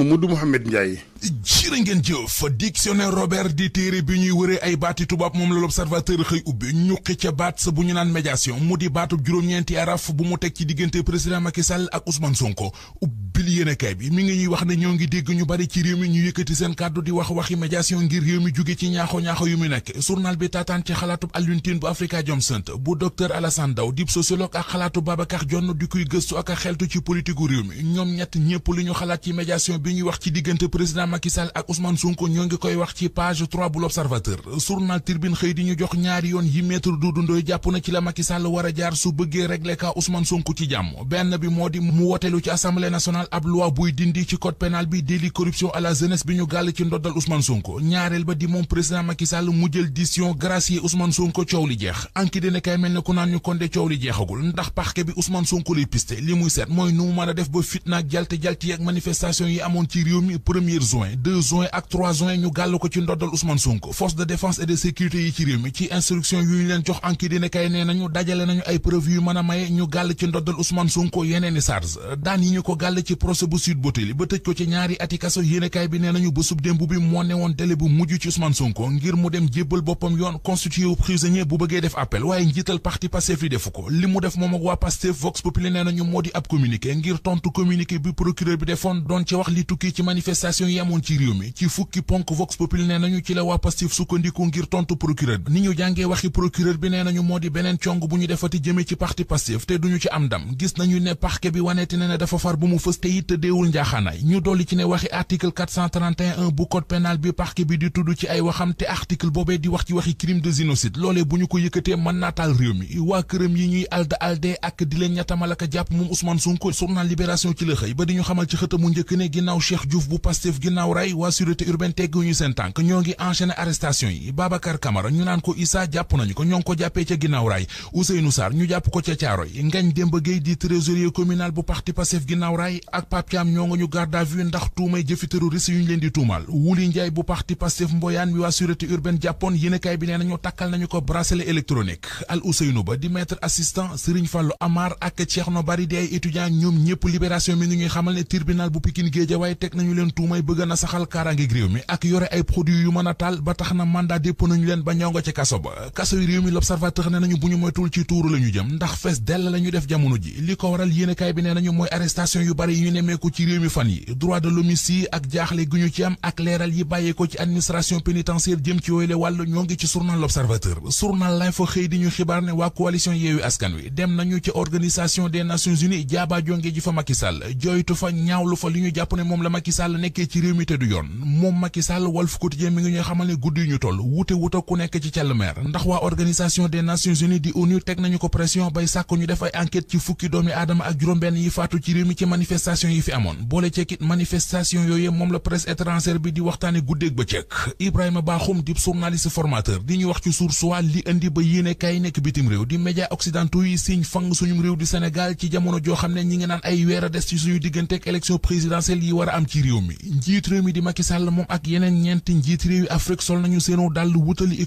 Mamadou Mouhamed Ndiaye jërë ngeen jëf dictionnaire Robert di téere bi ñuy wëree ay baati tubaab moom la l'observateur xëy ubbi ñuqi ca baat sa bu ñu naan médiation mu di baatub juróom-ñeenti araf bu mu teg ci diggante président Macky Sall ak Ousmane Sonko Populi yéenekaay bi mi ngi ñoo ngi dégg ñu bari ci réew mi ñu yëkkati seen di wax waxi médiation ngir réew mi jóge ci ñaaxo ñaaxo yu mu nekk journal bi taataan ci xalaatub Alioune Tine bu Afrikajom Center bu docteur Alassane Daw dib sociologue ak xalaatu Babacar Dione di kuy gëstu ak xeltu ci politique gu réew mi ñoom ñett ñépp li ñu xalaat ci médiation bi ñuy wax ci diggante président Macky Sall ak Ousmane Sonko ñoo ngi koy wax ci page 3 bu l'Observateur journal Tribune xëy di ñu jox ñaari yoon yi Maître du Ndoye jàpp na ci la Macky Sall war a jaar su bëggee régler ka Ousmane Sonko ci jàmm benn bi moo mu wootelu ci Assemblée nationale ab loi buy dindi ci code pénal bi délit corruption à la jeunesse bi ñu gàll ci ndoddal Ousmane Sonko ñaareel ba di moom président Macky Sall mu jël décision gracier Ousmane Sonko coow li jeex anki dina kay mel ne ku naan ñu kon de coow li jeexagul ndax parquet bi Ousmane Sonko lay piste li muy seet mooy nu mu mën a def ba fitna ak jalte yi ak manifestation yi amoon ci réew mi premier juin deux juin ak trois juin ñu gàll ko ci ndoddal Ousmane Sonko force de défense et de sécurité yi ci réew mi ci instruction a gàll ci ndoddal Ousmane Sonko yeneeni charge daan yi procès bu Sweet Beauté ba tëj ko ci ñaari ati kaso bi nee nañu bésub démb bi moo ne woon délai bu mujj ci Ousmane Sonko ngir mu dem jébbal boppam yoon constitué wu bu bëggee def appel waaye njiital parti Pastef li defu ko li mu def moom ak waa Pastef Vox Populi nee nañu moo di ab communiqué ngir tontu communiqué bi procureur bi defoon doon ci wax li tukki ci manifestation yi amoon ci réew mi ci fukki ponk Vox Populi nee nañu ci la yi tëddeewul njaaxaanaay ñu dolli ci ne waxi article bu code pénal bi parquet bi di tudd ci ay waxam te article boobee di wax ci waxi crime de génocide loolee bu ñu ko yëkkatee mën naa réew mi waa këram yi ñuy alda alde ak di leen ñettamal jàpp moom Ousmane Sonko journal Libération ci la xëy ba di ñu xamal ci xëtamu njëkk ne ginnaaw Cheikh Diouf bu Pastef ginnaaw ray waa sûreté urbaine tegguñu seen yi ñu naan ko ñoo ngi ko jàppee ca ginnaaw ray ak Pape Thiam ñoo nga ñu garde à ndax tuumay jëfi terroriste yu ñu leen di tuumal Wuli Njaay bu parti Pastef mboyaan mi waa sûreté urbaine jàppoon yéenekaay bi nee nañu takkal nañu ko bracelet électronique Al Ousseynou Ba di maître assistant Serigne Fallou Amar ak Cheikhno Bari di ay étudiant ñoom ñëpp libération mi ngi ñuy xamal ne tribunal bu Pikine Guédiawaye teg nañu leen tuumay bëgg na saxal kaaraange réew mi ak yore ay produits yu mën a taal ba tax na mandat dépp nañu leen ba ñoo nga ci kaso ba kaso yi réew mi l'observateur ne nañu bu ñu moytul yu bari yi ñu nemmeeku ci réew mi fan yi droit de nations unies jaaba jonge ji fa Macky Sall jooytu fa ñaawlu fa li ñu jàpp ne moom la Macky Sall nekkee ci réew mi te du yoon moom Macky Sall Walf Quotidien mi ngi ñuy xamal ne guddi yu ñu toll wuute wuute ku nekk ci càll ndax waa organisation des nations unies di ONU teg nañu ko pression bay sàkk ñu def ay enquête ci fukki doomi aadama ak juróom-benn yi faatu ci réew mi ci manifestation manifestation yi fi amoon boole ceekit manifestation yooyu moom la presse étrangère bi di waxtaane guddeeg bëccëg Ibrahima Bakhoum di journaliste formateur di ñu wax ci source wa li indi ba yéene kaay nekk bitim réew di média occidentaux yi siñ fang suñu réew di Sénégal ci jamono joo xam ne ñi ngi naan ay weer a des ci suñu digganteeg élection présidentielle yi war a am ci réew mi njiit réew mi di Macky Sall moom ak yeneen ñeenti njiit réew Afrique sol nañu seenu dàll wutali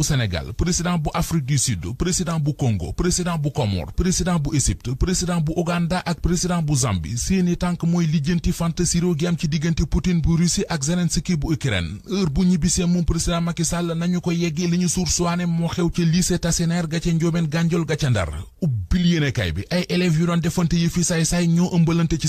bu Sénégal président bu Afrique du Sud président bu Congo président bu Comore président bu Égypte président bu Ouganda ak président bu Zambie seeni tànk mooy lijjanti fantasiro gi am ci diggante Poutine bu Russie ak Zelensky bu Ukraine heure bu ñibbisee moom président Macky nañu ko yeggee li ñu suur suwaane moo xew ci lycée Tassinère ga ca Ndiobène Gandiol ga ca Ndar ubbil yéenekaay bi ay élèves yu doon defante yi saay-saay ñoo ëmbalante ci